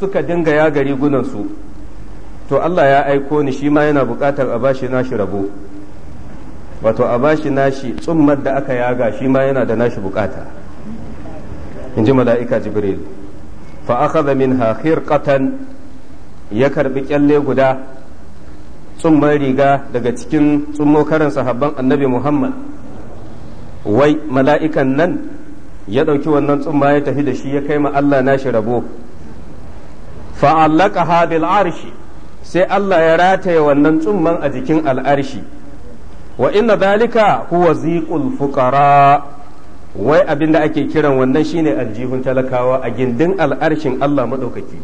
suka dinga ya gari gunansu to Allah ya aiko ni shi ma yana buƙatar a bashi nashi rabo wato a bashi nashi tsummar da aka yaga shi ma yana da nashi bukata in ji mala'ika jibril fa akhadha minha khirqatan ya karbi kyalle guda tsumman riga daga cikin tsummokarin sahabban annabi muhammad wai mala'ikan nan ya ɗauki wannan tsumma ya tafi da shi ya kai ma Allah nashi rabo fa'allaqaha bil arshi sai Allah ya rataye wannan tsumman a jikin al'arshi wa inna dalika huwa ziqul fuqara wai abin da ake kiran wannan shine aljihun talakawa a gindin al'arshin Allah maɗaukaki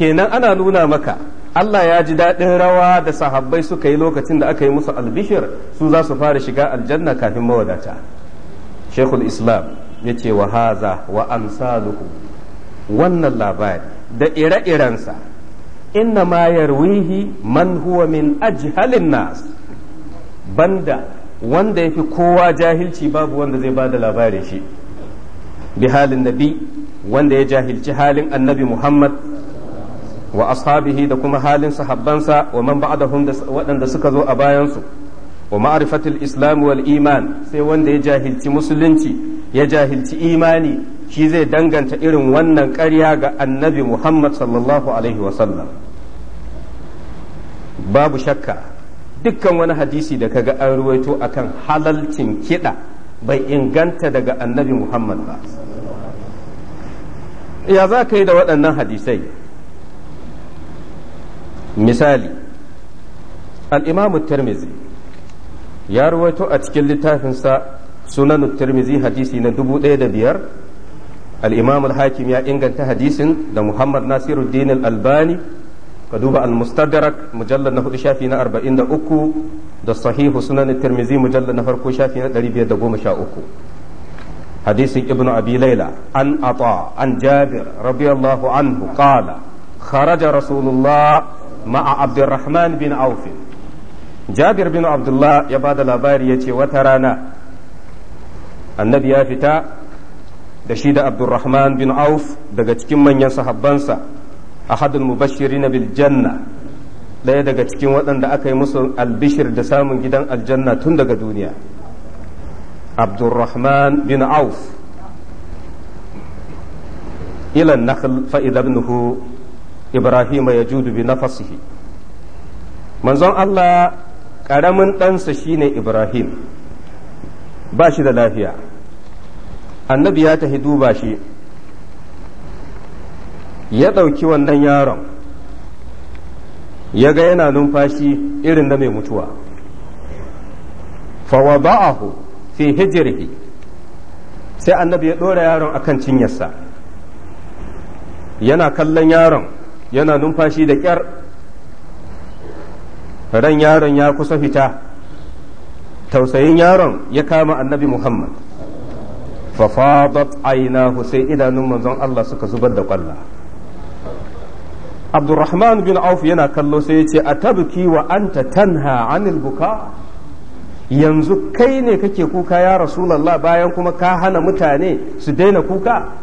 kenan ana nuna maka Allah ya ji daɗin rawa da sahabbai suka yi lokacin da aka yi musu albishir su za su fara shiga aljanna kafin mawadata shekul islam ya ce wa haza wa amsaluhu wannan labari da ire-irensa inna ma yarwihi man huwa min ajhalin nas banda wanda yafi kowa jahilci babu wanda zai bada labarin shi bi halin nabi wanda ya jahilci halin annabi muhammad wa ashabihi da kuma halin sahabbansa wa man ba'dahum da waɗanda suka zo a bayansu wa ma'rifatul islam wal iman sai wanda ya jahilci musulunci ya jahilci imani shi zai danganta irin wannan ƙarya ga annabi Muhammad sallallahu Alaihi wasallam babu shakka dukkan wani hadisi da kaga an ruwaito kan halalcin kiɗa bai inganta daga annabi Muhammad ba ya za ka yi da waɗannan hadisai misali al'imamu tirmizi ya ruwaito a cikin littafinsa sunanu tirmizi hadisi na dubu ɗaya da biyar al-imam hakim ya inganta hadisin da muhammad nasiruddin al-albani ka duba al-mustadrak mujallar na hudu shafi na 43 da sahihu sunan tirmizi mujallad na farko shafi na 513 hadisin ibnu abi laila an ata an jabir radiyallahu anhu qala kharaja rasulullah ma'a abdurrahman bin auf jabir bin abdullah ya bada labari yace wata rana annabi ya fita da shi da abdurrahman bin auf daga cikin manyan sahabbansa ahadul mubashirin na biljanna ɗaya daga cikin waɗanda aka yi musu albishir da samun gidan aljanna tun daga duniya abdurrahman bin auf ilan nakhl fa ibnuhu ibrahim yajudu bi nafsihi manzon Allah ƙaramin ɗansa shine ibrahim ba shi da lafiya annabi ya tafi duba shi ya ɗauki wannan yaron ya ga yana numfashi irin na mai mutuwa fawada'ahu fi hijrihi sai annabi ya ɗora yaron akan cinyarsa yana kallon yaron yana numfashi da ƙyar ran yaron ya kusa fita tausayin yaron ya kama annabi muhammad fa fadat aynahu sai idanun manzon Allah suka zubar da kwalla Abdurrahman bin Auf yana kallo sai yace a atabki wa anta tanha anil buka yanzu kai ne kake kuka ya rasulallah bayan kuma ka hana mutane su daina kuka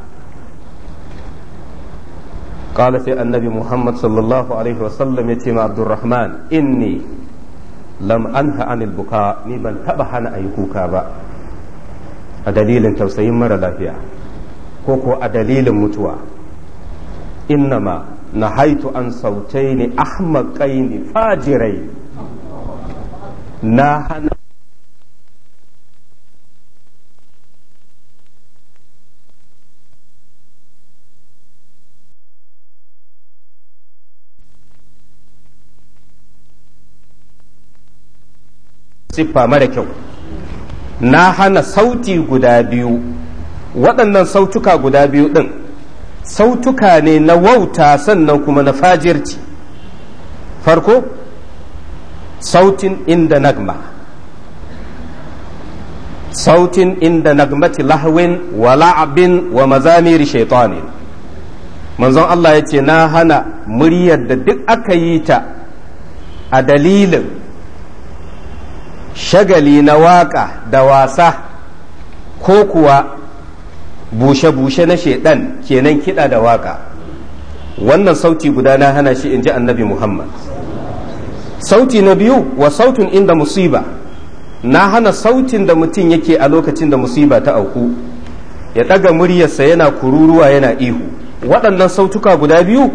قال في النبي محمد صلى الله عليه وسلم يتيم عبد الرحمن إني لم أنه عن البكاء ني بان تبحن أي كوكا با a dalilin tausayin mara lafiya ko ko a dalilin mutuwa innama na haitu an sautai ne ahmakai ne fajirai na hana siffa mara kyau na hana sauti guda biyu waɗannan sautuka guda biyu ɗin sautuka ne na wauta sannan kuma na fajirci farko sautin inda nagma sautin inda nagmati lahwin wa la'abin wa mazamiri shaitanin manzon Allah ya ce na hana muryar da duk aka yi ta a dalilin shagali na waka da wasa ko kuwa bushe-bushe na shaidan kenan kiɗa da waka. wannan sauti guda na hana shi in ji annabi muhammad sauti na biyu wa sautin inda musiba na hana sautin da mutum yake a lokacin da musiba ta auku ya ɗaga muryarsa yana kururuwa yana ihu waɗannan sautuka guda biyu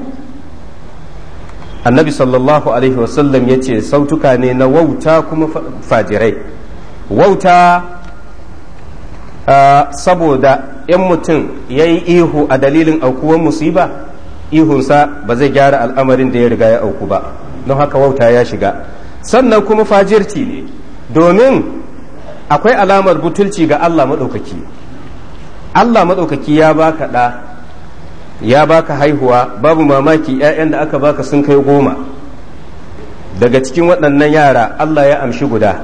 annabi sallallahu alaihi wasallam ya ce sautuka ne na wauta kuma fajirai wauta ah, saboda ‘yan mutum ya yi ihu a dalilin aukuwar musiba ihunsa ba zai gyara al'amarin da ya riga ya auku ba don haka wauta ya shiga sannan kuma fajirci ne domin akwai alamar butulci ga Allah maɗaukaki Allah maɗaukaki ya baka ɗa ya baka haihuwa babu mamaki 'ya'yan da aka baka sun kai goma daga cikin waɗannan yara Allah ya amshi guda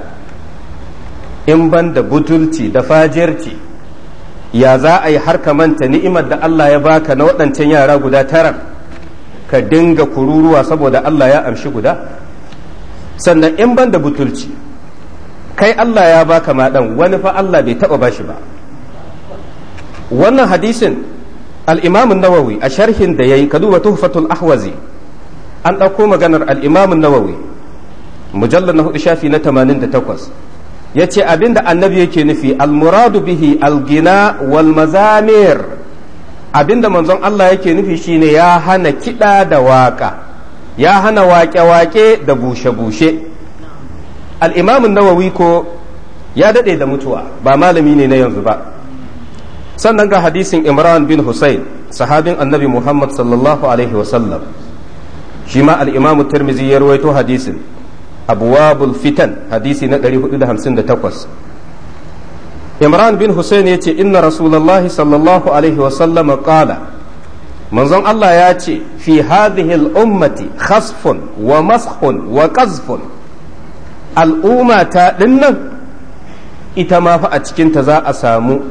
in ban da butulci da fajirci ya za a yi har ka manta ni'imar da Allah ya baka na waɗancan yara guda tara ka dinga kururuwa saboda Allah ya amshi guda sannan in ban da butulci kai Allah ya baka maɗan wani fa Allah bai taɓa bashi ba wannan hadisin al-imam nawawi a sharhin da yayi ka duba tuhfatul ahwazi an ɗauko maganar al-imam nawawi mujallar na hudu shafi na 88 ya ce abinda annabi yake nufi al bihi al'gina gina wal mazamir abinda manzon Allah yake nufi shine ya hana kiɗa da waƙa ya hana waƙe-waƙe da bushe-bushe al-imam nawawi ko ya daɗe da mutuwa ba malami ne na yanzu ba sannan ga hadisin imran bin husayn sahabin annabi muhammad sallallahu alaihi wasallam shi ma al'imamu tirmizi ya rawaito hadisin abuwabul fitan hadisi na 458 imran bin husayn ya ce inna rasulallahi sallallahu alaihi wasallam qala manzon allah ya ce fi hadhihi al'ummati khasfun wa mashun wa qazfun al'umma ta dinnan ita ma fa a cikinta za a samu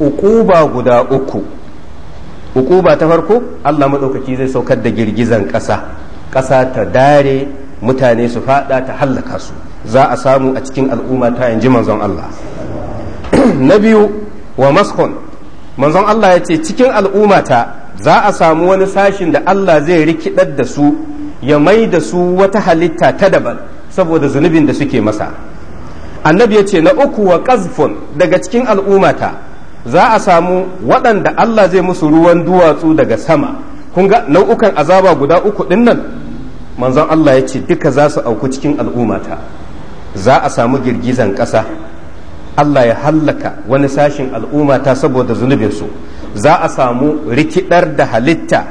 uquba guda uku uquba ta farko Allah madaukaki zai saukar da girgizan ƙasa ƙasa ta dare mutane su faɗa ta hallaka su za a samu a cikin al'umma ta yanzu manzon Allah na biyu wa maskon manzon Allah ya ce cikin al'ummata za a samu wani sashin da Allah zai rikidar da su ya mai da su wata halitta ta daban saboda zunubin da suke masa annabi ya ce na uku wa ƙazfun daga cikin al'ummata za a samu waɗanda Allah zai musu ruwan duwatsu daga sama kun ga nau'ukan azaba guda uku ɗin nan manzon Allah ya ce duka za su auku cikin al'ummata za a samu girgizan ƙasa Allah ya hallaka wani sashin al'ummata saboda zunubinsu za a samu rikidar da halitta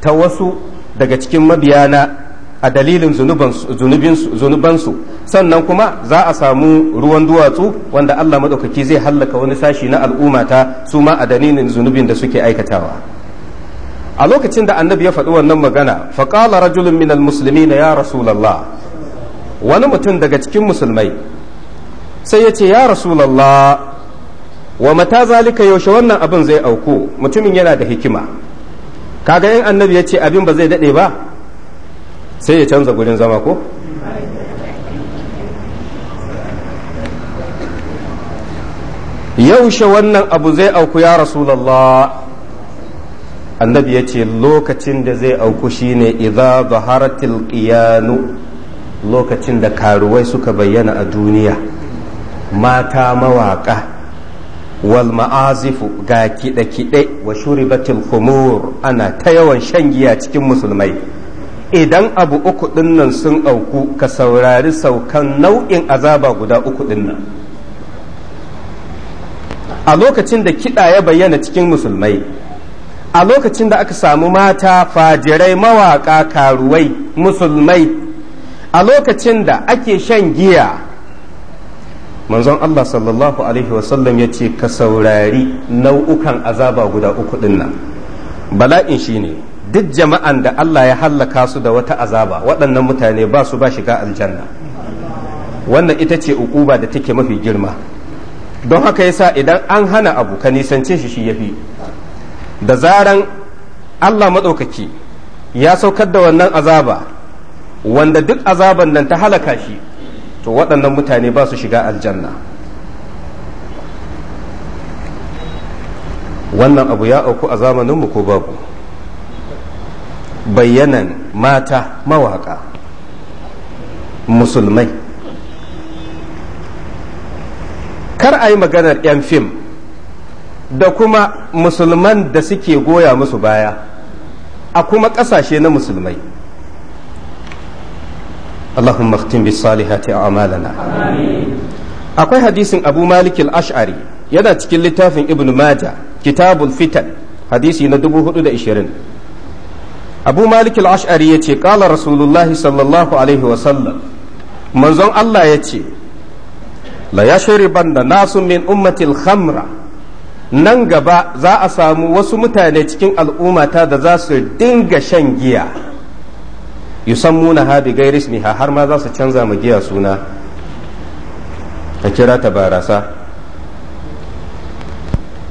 ta wasu daga cikin mabiyana a dalilin zunubansu sannan kuma za a samu ruwan duwatsu wanda Allah maɗaukaki zai hallaka wani sashi na al'umma ta su ma a dalilin zunubin da suke aikatawa a lokacin da annabi ya faɗi wannan magana faƙala rajulun minal musulmi na ya rasulallah wani mutum daga cikin musulmai sai ya ce ya rasulallah wa mata zalika yaushe wannan abin zai auku mutumin yana da hikima kaga yin annabi ya ce abin ba zai daɗe ba sai ya canza gurin zama ko yaushe wannan abu zai auku ya rasulallah annabi ya ce lokacin da zai auku shine idza zaharatil qiyanu lokacin da karuwai suka bayyana a duniya mata mawaƙa wal ma'azifu ga kiɗe-kiɗe wa shuribatil khumur ana ta yawan shan giya cikin musulmai idan abu uku dinnan sun auku ka saurari saukan nau'in azaba guda uku dinnan a lokacin da kiɗa ya bayyana cikin musulmai a lokacin da aka samu mata fajirai mawaƙa karuwai musulmai a lokacin da ake shan giya manzon Allah sallallahu alaihi wasallam ya ce ka saurari nau'ukan azaba guda uku dinnan bala'in shine ne duk jama'an da Allah ya hallaka su da wata azaba waɗannan mutane ba su ba shiga aljanna wannan ita ce ukuba da take mafi girma don haka yasa idan an hana abu ka nisance shi shi yafi da zaran Allah maɗaukaki ya saukar da wannan azaba wanda duk azaban nan ta halaka shi to waɗannan mutane ba su shiga aljanna wannan abu ya auku a zamaninmu ko babu bayyanan mata mawaka musulmai kar a yi maganar 'yan fim da kuma musulman da suke goya musu baya a kuma ƙasashe na musulmai akwai hadisin abu Malikil ashari yana cikin littafin ibn maja kitabul fitan hadisi na 420 abu malik al-ash'ari ya ce ƙala rasulullahi sallallahu alaihi wasallam manzon allah ya ce la ya da nasu min ummatil khamra nan gaba za a samu wasu mutane cikin al'ummata da za su dinga shan giya yusammuna ha bi gairi ismiha har ma za su canza ma giya suna ka kira ta barasa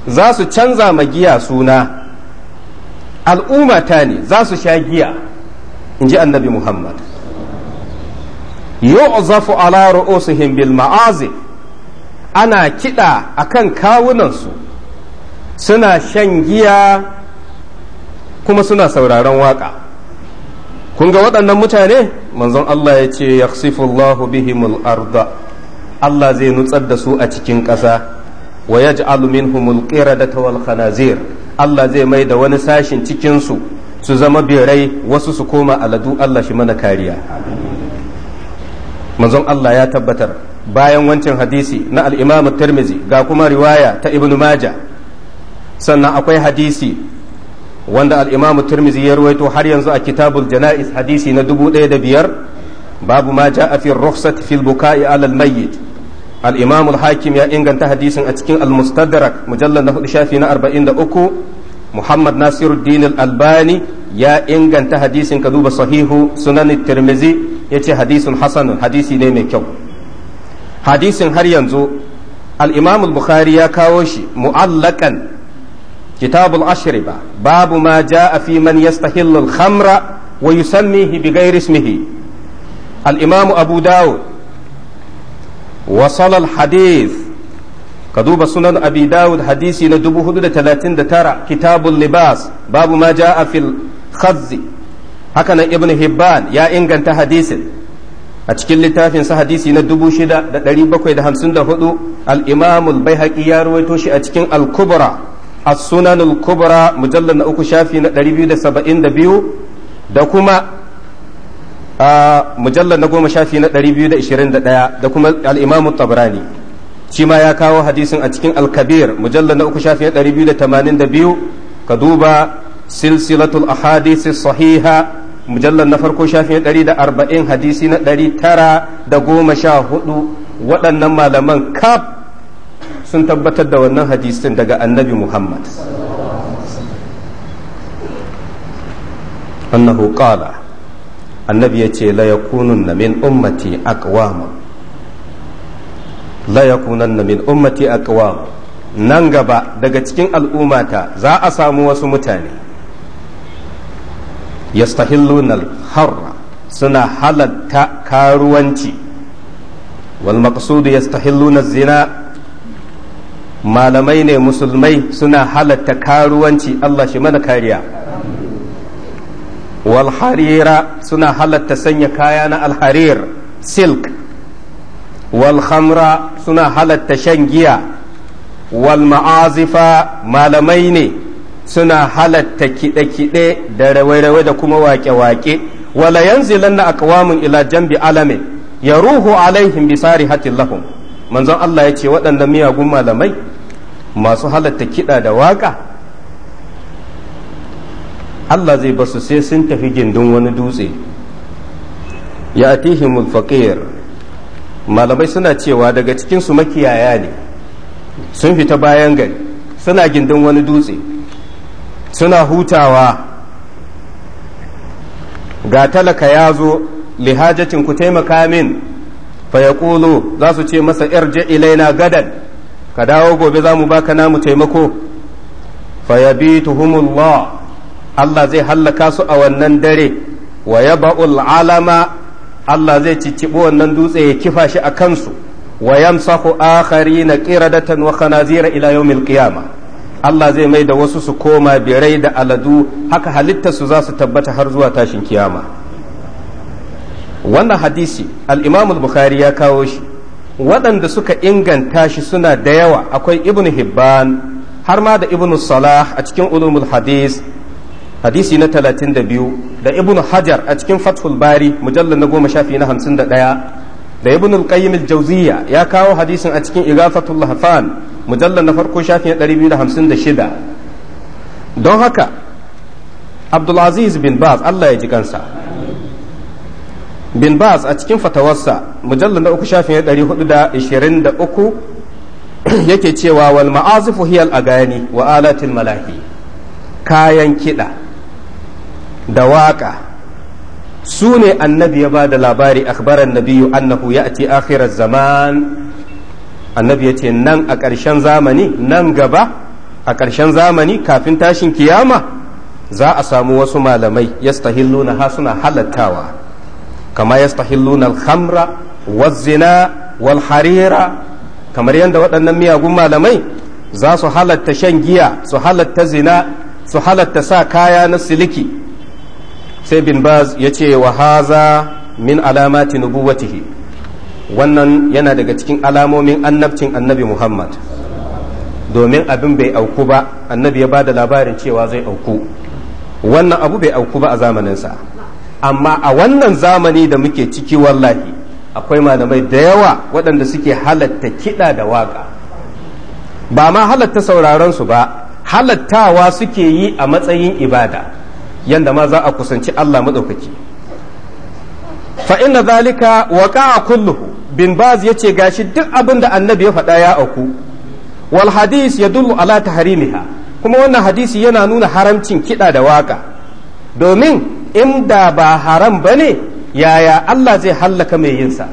za su canza ma giya suna al'umma ta ne za su sha giya in ji annabi muhammad yu'zafu ala ru'usihim bil ma'azi ana kiɗa akan kawunansu suna shan giya kuma suna sauraron waƙa kun ga waɗannan mutane manzon Allah ya ce yaqsifullahu bihimul arda Allah zai nutsar da su a cikin ƙasa wa humul ƙera da wal khanazir Allah zai mai da wani sashin cikinsu su zama birai wasu su koma aladu Allah shi mana kariya manzon Allah ya tabbatar bayan wancan hadisi na al-Imam Tirmidhi ga kuma riwaya ta Ibn Majah sannan akwai hadisi wanda al'imamu imam Tirmidhi ya ruwaito har yanzu a Kitabul Janaiz hadisi na dubu biyar babu ma ja'a fi ar-rukhsat fil buka'i 'ala mayyit al-imam hakim ya inganta hadisin a cikin al mujallar mujallal na hudu shafi na 43 muhammad nasiruddin al-albani ya inganta hadisin ka duba sahihu sunan tirmizi yace hadisin hasan hadisi ne mai kyau hadisin har yanzu al-imam bukhari ya kawo shi mu'allakan kitabul ashriba babu ma jaa fi man yastahillu al-khamra wa yusammihi bighairi ismihi al-imam abu dawud وصل الحديث كدوب سنن أبي داود حديثي ندبو حدود تلاتين ترى كتاب اللباس باب ما جاء في الخز هكذا ابن هبان يا إنغان تحديث أتكل لتافين سحديثي ندبو شدا دريبا كويدا همسن دهدو الإمام البيهقي يروي توشي أتكين الكبرى السنن الكبرى مجلد أكو شافي دريبيو دا سبعين دا بيو da kuma a mujallar na goma shafi na 221 da kuma al'imamu tabrani shi ma ya kawo hadisin a cikin Al-Kabir mujallar na uku shafi na 282 ka duba silsilatul ahadisi sahiha mujallar na farko shafi na 140 hadisi na 914 waɗannan malaman kaf sun tabbatar da wannan hadisin daga annabi muhammad annahu qala annabi ya ce layakunun na min ummati aqwama layakunan na min ummati aqwama nan gaba daga cikin al'ummata za a samu wasu mutane yastahilluna harra suna halatta karuwanci wal maqsudu yastahilluna zina malamai ne musulmai suna halatta karuwanci Allah shi mana kariya wal suna halarta sanya kaya na alharir silk wal suna halarta shan giya walma'azifa ma'azifa malamai ne suna halarta kiɗe-kiɗe da rawai-rawai da kuma waƙe-waƙe wala yanzilanna aqwamun ila jambi alamin ya ruhu alaihim bisari hatin lahum manzon Allah ya ce waɗanda miyagun malamai masu halarta kiɗa da waƙa Allah zai basu sai sun tafi gindin wani dutse ya tihin faqir malamai suna cewa daga cikinsu makiyaya ne sun fita bayan gari suna gindin wani dutse suna hutawa ga talaka ya zo lihajacin ku taimaka min Faya ya za su ce masa irje ilaina gadan ka dawo gobe za mu baka namu taimako fa ya bi tuhumullah Allah zai hallaka su a wannan dare wa yaba'ul alama Allah zai cicciɓi wannan dutse ya kifa shi a kansu wa yamsahu akharina qiradatan wa khanazira ila yawmil qiyama Allah zai mai da wasu su koma birai da aladu haka halitta su za su tabbata har zuwa tashin kiyama wannan hadisi al-Imam al-Bukhari ya kawo shi waɗanda suka inganta shi suna da yawa akwai ibnu Hibban har ma da ibnu Salah a cikin ulumul hadis hadisi na 32 da ibnu hajar a cikin fathul bari mujallar na goma shafi na 51 da ibnu al-qayyim al-jawziya ya kawo hadisin a cikin igafatul hafan mujallar na farko shafi na 256 don haka abdulaziz bin baz Allah ya ji kansa bin baz a cikin fatawarsa mujallar na uku shafi na 423 yake cewa wal ma'azifu hiyal agani wa alatil malahi kayan kiɗa da waƙa su ne annabi ya ba da labari akbaran nabiyu annahu ya ati akhirar zaman annabi ya ce nan a ƙarshen zamani nan gaba a ƙarshen zamani kafin tashin kiyama za a samu wasu malamai yastahilluna ha suna halattawa kama yastahilluna alhamra wazzina wal harira kamar yadda waɗannan miyagun malamai za su halatta shan giya su halatta zina su halatta sa kaya na siliki sai bin baz ya ce wa haza min alamati nubuwatihi wannan yana daga cikin alamomin annabcin annabi muhammad domin abin bai auku ba annabi ya ba da labarin cewa zai auku wannan abu bai auku ba a zamaninsa amma a wannan zamani da muke ciki wallahi akwai malamai da yawa waɗanda suke halatta kiɗa da waƙa ba ma halatta sauraron su ba halattawa suke yi a matsayin ibada yanda ma za a kusanci Allah maɗaukaki fa inna zalika waqa'a kulluhu bin baz ce gashi duk abin da annabi ya faɗa ya auku wal hadis dullu ala tahrimiha kuma wannan hadisi yana nuna haramcin kiɗa da waka domin inda ba haram ba ne yaya Allah zai hallaka mai yinsa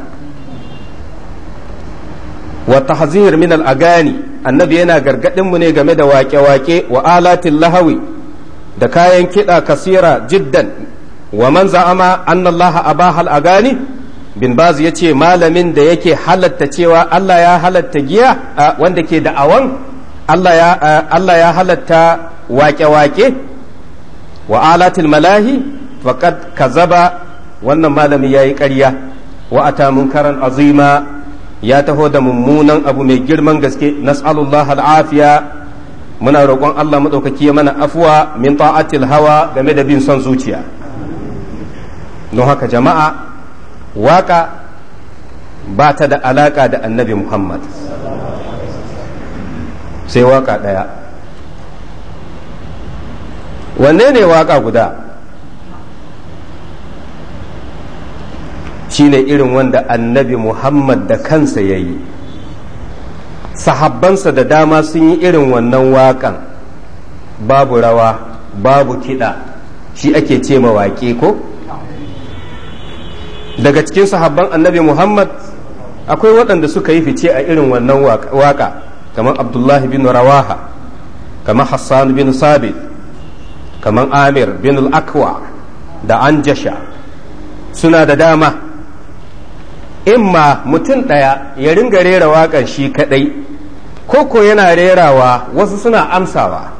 wa tahzir min al agani annabi yana gargadin mu ne game da wake-wake wa alatin lahawi da kayan kiɗa kasira jiddan wa man za'ama annallaha abahal agani bin baz ya ce malamin da yake halatta cewa Allah ya halatta giya wanda ke da'awan Allah ya halatta wake-wake wa alatil malahi faqad kazaba wannan malami ya yi ƙarya wa ata azima ya taho da mummunan abu mai girman gaske nas'alullah afiya muna roƙon Allah maɗaukaki ya mana afuwa min ta'atil hawa game da bin son zuciya don haka jama'a waka ba ta da alaƙa da annabi Muhammad sai waka ɗaya wanne ne waka guda shi ne irin wanda annabi Muhammad da kansa ya yi sahabbansa da dama sun yi irin wannan waƙan babu rawa babu kiɗa shi ake ce mawaƙi ko daga cikin sahabban annabi muhammad akwai waɗanda suka yi fice a irin wannan waƙa kamar abdullahi bin rawaha kamar hassan bin sabit kamar amir bin al'akwa akwa da anjasha suna da dama In ma mutum ɗaya ya ringa rera waƙar shi kaɗai ko yana rerawa wasu suna amsawa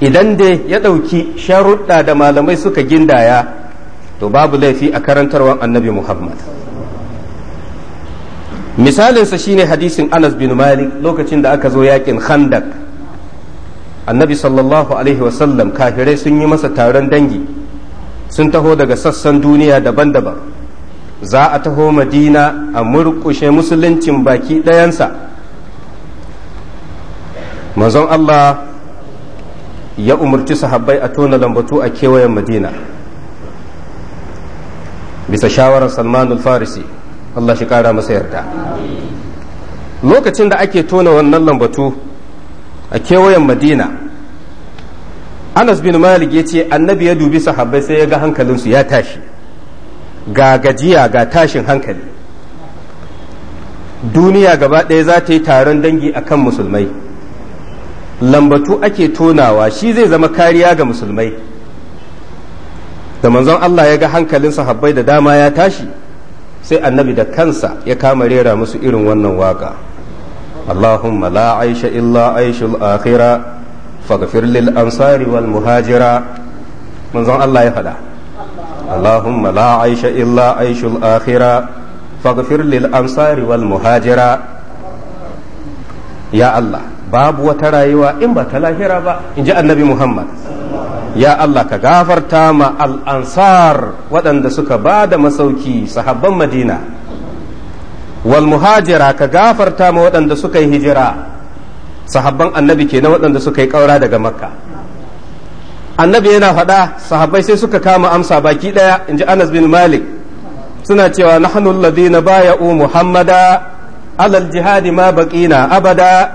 idan dai ya ɗauki sharuɗa da malamai suka gindaya to babu laifi a karantarwar annabi muhammad misalinsa shine hadisin anas bin malik lokacin da aka zo yakin Handak annabi sallallahu alaihi wasallam kafirai sun yi masa taron dangi sun taho daga sassan duniya daban-daban za a taho madina a murƙushe musuluncin baki ɗayansa mazan Allah ya umarci sahabbai a tona lambatu a kewayen madina bisa shawarar salmanul farisi Allah shi ƙara masa yarda lokacin da ake tona wannan lambatu a kewayen madina anas bin malik ya ce annabi ya dubi sahabbai sai ya ga hankalinsu ya tashi ga gajiya ga tashin hankali duniya gaba ɗaya za ta yi taron dangi a kan musulmai lambatu ake tonawa shi zai zama kariya ga musulmai da manzon Allah ya ga hankalin sahabbai da dama ya tashi sai annabi da kansa ya kama rera musu irin wannan waka Allahumma la aisha illa aishul akhira faghfir lil ansari wal muhajira manzon Allah ya faɗa اللهم لا عيش إلا عيش الآخرة فاغفر للأنصار والمهاجرة يا الله باب وترايوا إن بتلاهرة با إن جاء النبي محمد يا الله كغافر تاما الأنصار ودن دسك بعد مسوكي صحابا مدينة والمهاجرة كغافر تاما ودن دسك هجرة صحابا النبي كينا ودن دسك كورا دقا مكة annabi yana faɗa sahabbai sai suka kama amsa baki ɗaya in ji anas bin malik suna cewa nahnu alladhina u muhammada alal jihadi ma baqina abada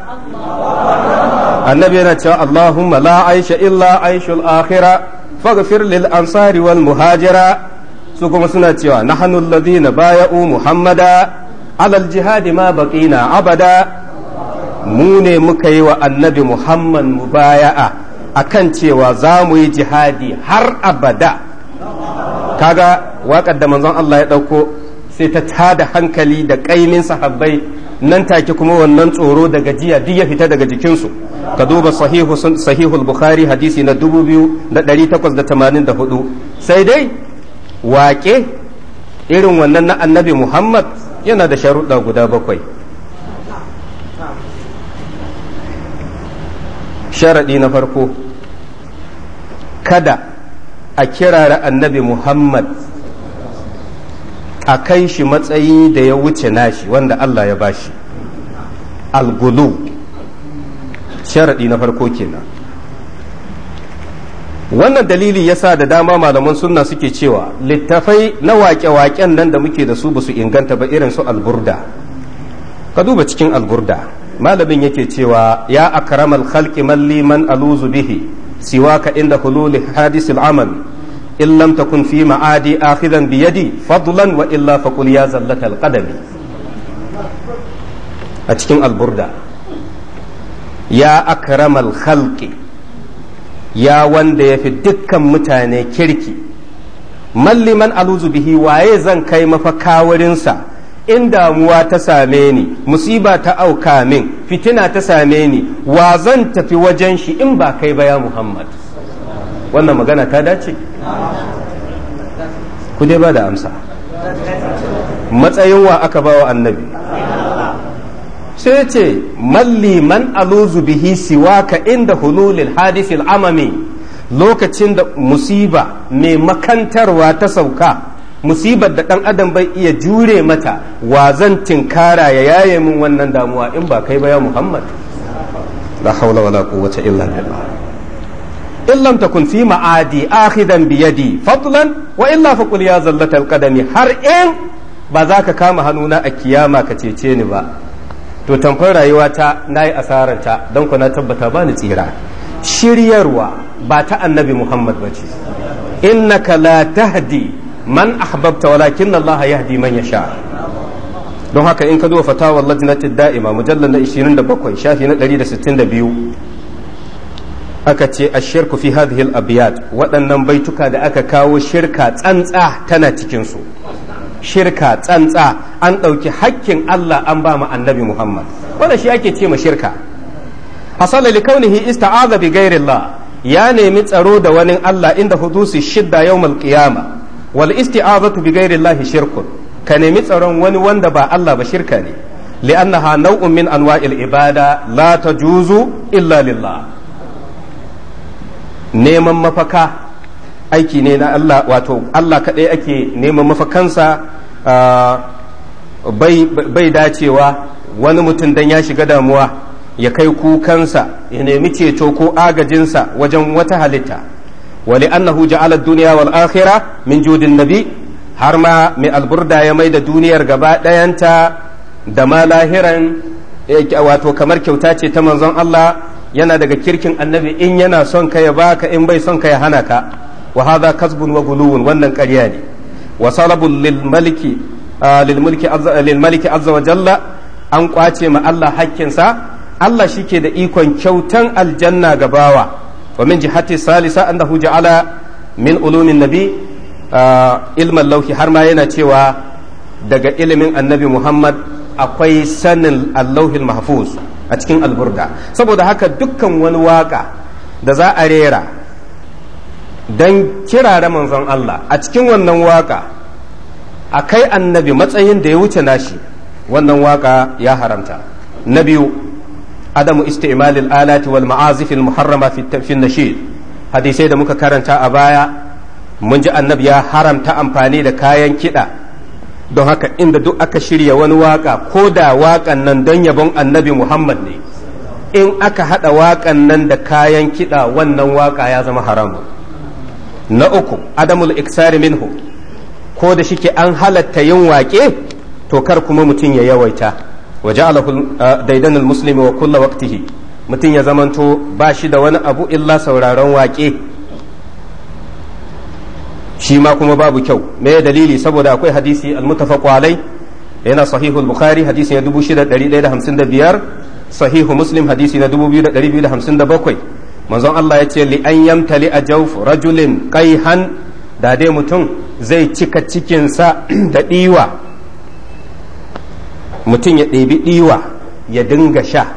annabi yana cewa allahumma la aisha illa aishul akhira faghfir lil ansari wal muhajira su kuma suna cewa nahnu alladhina baya'u muhammada alal jihadi ma baƙina abada mu ne muka yi wa annabi muhammad mubaya'a akan cewa za mu yi jihadi har abada kaga waƙar da manzon Allah ya ɗauko sai ta tada hankali da ƙainin sahabbai nan take kuma wannan tsoro da gajiya duk ya fita daga jikinsu ka duba sahihul bukhari hadisi na 2884 sai dai waƙe irin wannan na annabi muhammad yana da sharuɗa guda bakwai sharaɗi na farko kada a kirara annabi muhammad a kai shi matsayi da ya wuce nashi wanda allah ya bashi algulu sharaɗi na farko kenan wannan dalili yasa da dama malaman sunna suke cewa littafai na waƙe-waƙen nan da muke da su ba su inganta ba irin su alburda ka duba cikin alburda malamin yake cewa ya akramal khalqi malliman liman aluzu bihi siwaka inda hululi hadis al'amal in lam takun fi ma'adi akhidan bi yadi fadlan wa illa faqul ya zallata alqadami a cikin alburda ya akramal khalqi ya wanda ya fi dukkan mutane kirki malliman aluzubihi waye zan kai mafaka wurinsa in damuwa ta same ni musiba ta auka min fitina ta same ni wa zan tafi wajen shi in ba kai ba ya muhammad wannan magana ta dace ku dai ba da amsa matsayin wa aka ba wa annabi sai ce malli man aluzu bihi siwaka inda hululil hadisil amami lokacin da musiba mai makantarwa ta sauka musibar da ɗan adam bai iya jure mata wa zan tinkara ya yaye min wannan damuwa in ba kai ba ya muhammad la haula wala quwwata illa billah in takun fi ma'adi akhidan bi yadi fadlan wa illa fa qul ya zallatal qadami har in ba za ka kama hannuna a kiyama ka cece ni ba to tamfar rayuwa ta nayi ta don ku na tabbata ba ni tsira shiryarwa ba ta annabi muhammad bace innaka la tahdi man ahbabta walakin Allah yahdi man yasha don haka in ka duba fatawar lajnatid da'ima mujallal na 27 shafi na 162 aka ce ashirku fi hadhihi al-abyat waɗannan baituka da aka kawo shirka tsantsa tana cikin su shirka tsantsa an ɗauki hakkin Allah an ba mu annabi Muhammad wanda shi ake ce ma shirka hasala li kaunihi ista'aza bi ghairi Allah ya nemi tsaro da wani Allah inda hudusi shidda yawmal qiyama wal isti'azatu bi ghairillahi shirkun ka nemi tsaron wani wanda ba Allah ba shirka ne li'annaha nau'un min anwa'il ibada la tajuzu illa lillah neman mafaka aiki ne na Allah wato Allah kadai ake neman mafakansa bai dacewa wani mutum dan ya shiga damuwa ya kai kukansa ya nemi ceto ko agajinsa wajen wata halitta wali annahu ja'ala ad-dunya wal akhirah min judin nabi har ma mai alburda ya mai da duniyar gaba ɗayanta da ma lahiran wato kamar kyauta ce ta manzon Allah yana daga kirkin annabi in yana son ka ya baka in bai son ka ya hana ka wa hadha kasbun wa guluwun wannan ƙarya ne wa salabul lil maliki lil maliki azza wa an kwace ma Allah hakkinsa Allah shike da ikon kyautan aljanna ga bawa wa min jihati salisa annahu ja'ala min ulumin nabi ah, ilman lauhi har ma yana cewa daga ilimin annabi muhammad akwai sanin allahil mahfuz a cikin alburda saboda haka dukkan wani waka da za a rera don kirare manzon Allah a cikin wannan waka a kai annabi matsayin da ya wuce nashi wannan waka ya haramta na biyu adamu isti'malil alati wal ma'azif al muharrama fi nashid hadisai da muka karanta a baya mun ji annabi ya haramta amfani da kayan kiɗa don haka inda duk aka shirya wani waka ko da wakan nan don yabon annabi muhammad ne in aka haɗa wakan nan da kayan kiɗa wannan waka ya zama haramu na uku adamul iksari minhu ko da shi ke an halatta yin waƙe to kar kuma mutum ya yawaita wa ja'ala daidan muslimi wa kulla waqtihi mutum ya zamanto ba shi da wani abu illa sauraron waƙe shi ma kuma babu kyau me dalili saboda akwai hadisi almutafaqu alai yana sahihul bukhari hadisi na 6155 sahihu muslim hadisi na 2257 manzon Allah ya ce li an yamtali a jawf rajulin qaihan da dai mutum zai cika cikinsa da ɗiwa mutum ya ɗebi ɗiwa ya dinga sha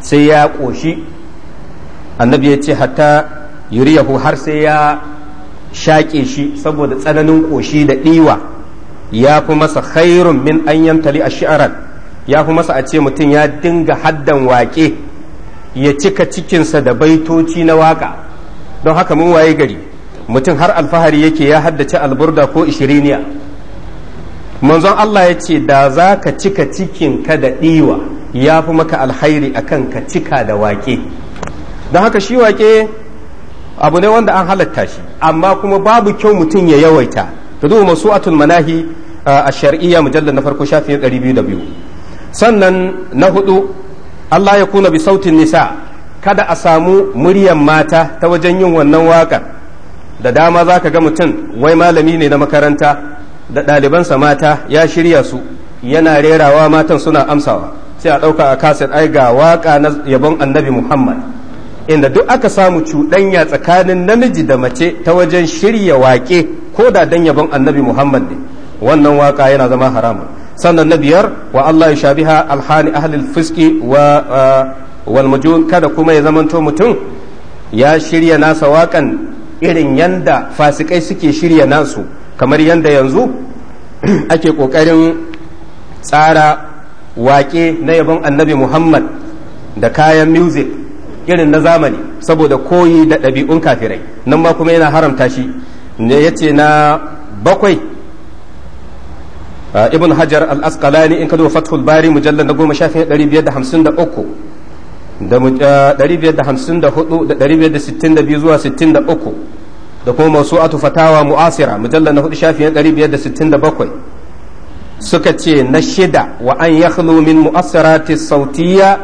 sai ya ƙoshi annabi ya ce hatta yuriyahu har sai ya shaƙe shi saboda tsananin ƙoshi da ɗiwa ya fi masa khairun min an yantali a shi'aran ya fi masa a ce mutum ya dinga haddan waƙe ya cika cikinsa da baitoci na waƙa don haka mun waye gari mutum har alfahari yake ya haddace alburda ko ishiriniya manzon Allah ya ce da za ka cika cikinka da ɗiwa ya fi maka alhairi akan ka cika da wake don haka shi wake abu ne wanda an halatta shi amma kuma babu kyau mutum ya yawaita ta duba masu'atul manahi uh, a shari'iyya mujallar na farko shafin 202 sannan na hudu Allah ya kuna bi sautin nisa kada a samu muryan mata ta wajen yin wannan wakar da dama za ka ga mutum wai malami ne na makaranta da ɗalibansa mata ya shirya su yana rerawa matan suna amsawa sai a ɗauka a kaset ai ga waka na yabon annabi muhammad inda duk aka samu cuɗanya tsakanin namiji da mace ta wajen shirya waƙe ko da dan yabon annabi muhammad ne wannan waka yana zama haramun sannan na biyar wa allah ya shabiha alhani ahlil fiski wa kada kuma ya zamanto mutum ya shirya nasa waƙan irin yanda fasikai suke shirya nasu kamar yadda yanzu ake ƙoƙarin tsara waƙe na yabon annabi muhammad da kayan music irin na zamani saboda koyi da ɗabi'un kafirai nan ma kuma yana haramta shi ne ya ce na bakwai uh, ibn hajar al-asqalani in ka zo fathul bari mujallar na goma shafin 553 da 554 da 562 uh, zuwa uku. da kuma mawsu'atu fatawa mu'asira mujalla na hudu da bakwai suka ce na shida wa an yakhlu min mu'assirati sautiya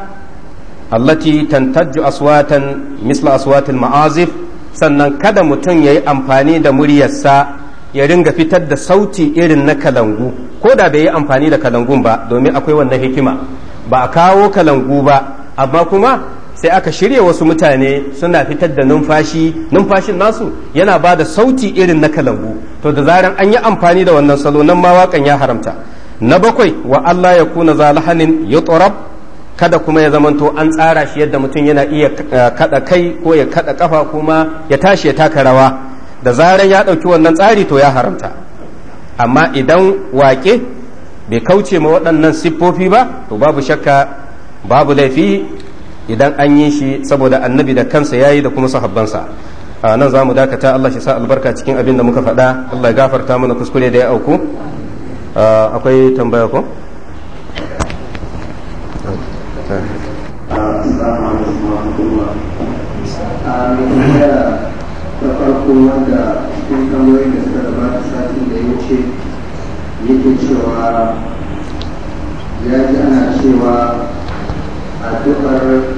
allati tantaju aswatan misla aswatil ma'azif sannan kada mutum yayi amfani da muryarsa ya ringa fitar da sauti irin na kalangu ko da bai yi amfani da kalangun ba domin akwai wannan hikima ba a kawo kalangu ba amma kuma sai aka shirya wasu mutane suna fitar da numfashi numfashin nasu yana ba da sauti irin na kalangu to da zaran an yi amfani da wannan salo nan ma waƙan ya haramta na bakwai wa Allah ya kuna zalahanin ya tsorab kada kuma ya zamanto an tsara shi yadda mutum yana iya eh, kada kai ko ya kada kafa kuma ya tashi ya taka rawa da zarar ya ɗauki wannan tsari to ya haramta amma idan waƙe bai kauce ma waɗannan siffofi ba to babu shakka babu laifi idan an yi shi saboda annabi da kansa ya yi da kuma sahabbansa a nan za mu dakata Allah shi sa albarka cikin abin da muka faɗa Allah ya gafarta mana kuskure da ya auku akwai tambaya ko farko wanda da satin da ya yake cewa ya ji ana cewa duk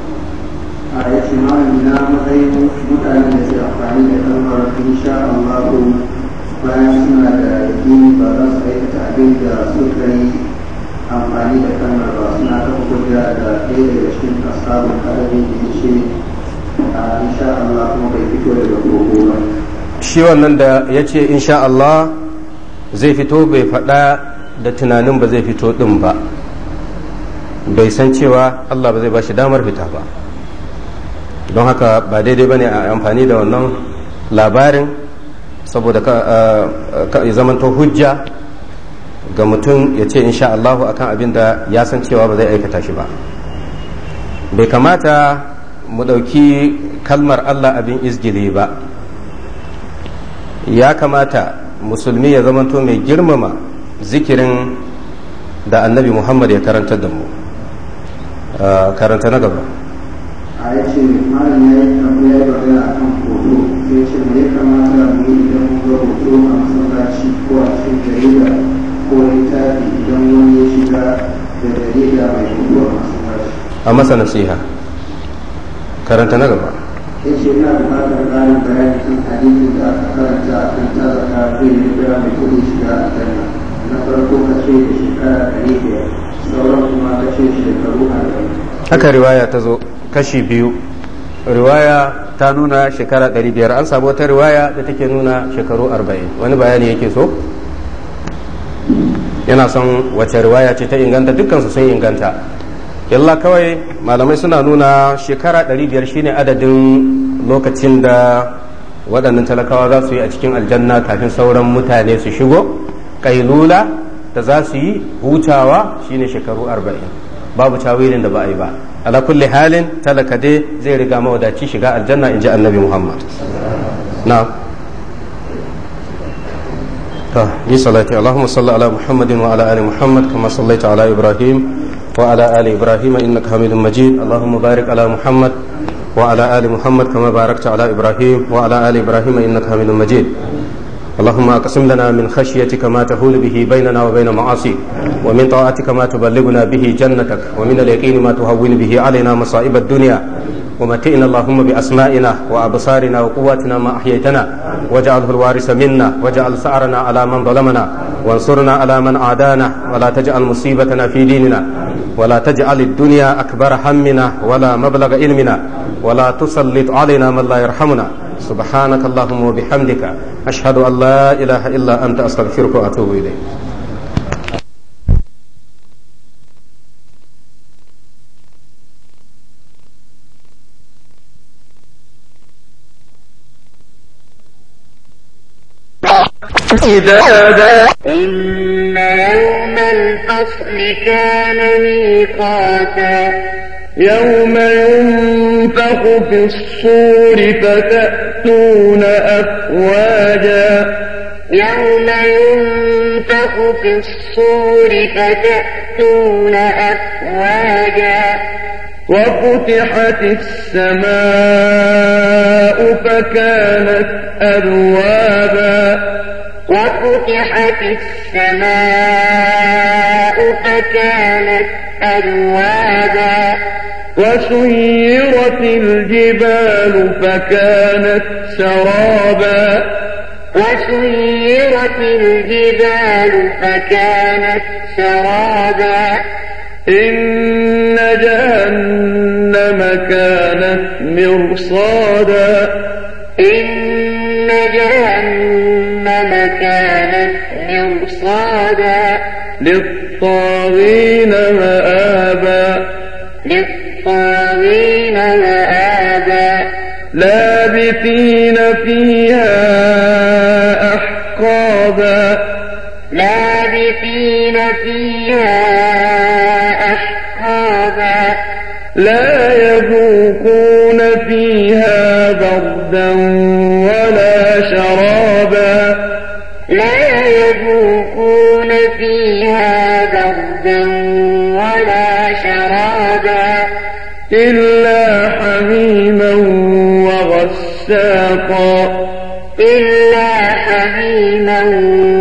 imamin na matsayin mutane da ke amfani da kalmar insha Allah bayan suna da yakini ba za su aikata abin da suka yi amfani da kalmar ba suna kafa hujja da ɗaya daga cikin asabin kalabi da ya ce insha Allah kuma bai fito daga gobe ba shi wannan da ya ce insha Allah zai fito bai faɗa da tunanin ba zai fito ɗin ba bai san cewa Allah ba zai ba shi damar fita ba don haka ba daidai ba ne a amfani da wannan labarin saboda ya zamanto hujja ga mutum ya ce in sha Allahu akan abin da ya san cewa ba zai aikata shi ba bai kamata mu ɗauki kalmar Allah abin izgili ba ya kamata musulmi ya zamanto mai girmama zikirin da annabi muhammad ya karanta da mu karanta na gaba a ya ce malam ya yi abu ya yi magana a kan hoto sai ya ce me ya kamata mu yi idan mun ga hoto a masallaci ko a cikin jarida ko littafi idan wani ya shiga da jarida mai hoto a masallaci. a masa nasiha karanta na gaba. ya ce ina buƙatar ƙarin bayani kan hadisin da aka karanta a kan tazaka zai yi da mai kuɗi shiga a janna na farko ka ce da shekara ɗari biyar sauran kuma ka ce shekaru arba'in. haka riwaya ta zo kashi biyu riwaya ta nuna shekara 500 an samu wata riwaya da take nuna shekaru arba'in wani bayani yake so yana son wace riwaya ce ta inganta dukkansu sun inganta yalla kawai malamai suna nuna shekara biyar shine adadin lokacin da waɗannan talakawa za su yi a cikin aljanna kafin sauran mutane su shigo kailula da za su yi hutawa shine shekaru arba'in babu tawilin da ba a yi ba ala kulli halin talaka dai zai riga mawadaci shiga aljanna in ji annabi muhammad na ta yi salati allahumma salli ala muhammadin wa ala ali muhammad kama sallaita ala ibrahim wa ala ali ibrahim innaka hamidun majid allahumma barik ala muhammad wa ala ali muhammad kama barakta ala ibrahim wa ala ali ibrahim innaka hamidun majid اللهم اقسم لنا من خشيتك ما تهول به بيننا وبين معاصيك ومن طاعتك ما تبلغنا به جنتك ومن اليقين ما تهون به علينا مصائب الدنيا ومتئنا اللهم بأسمائنا وأبصارنا وقواتنا ما أحييتنا واجعله الوارث منا واجعل ثأرنا على من ظلمنا وانصرنا على من عادانا ولا تجعل مصيبتنا في ديننا ولا تجعل الدنيا أكبر همنا ولا مبلغ علمنا ولا تسلط علينا من لا يرحمنا سبحانك اللهم وبحمدك أشهد أن لا إله إلا أنت أستغفرك وأتوب إليك إذا إن يوم الفصل كان ميقاتا يوم ينفخ في الصور فتأتون أفواجا يوم ينفخ في الصور فتأتون أفواجا وفتحت السماء فكانت أبوابا وفتحت السماء فكانت أبوابا وسيرت الجبال فكانت سرابا وسيرت الجبال فكانت سرابا إن جهنم كانت مرصادا إن جهنم كانت مرصادا للطاغين مآبا ماكثين فيها أحقابا لابثين فيها أحقابا لا يذوقون فيها بردا ولا شرابا لا يذوقون فيها بردا ولا شرابا إلا ميثاقا إلا حميما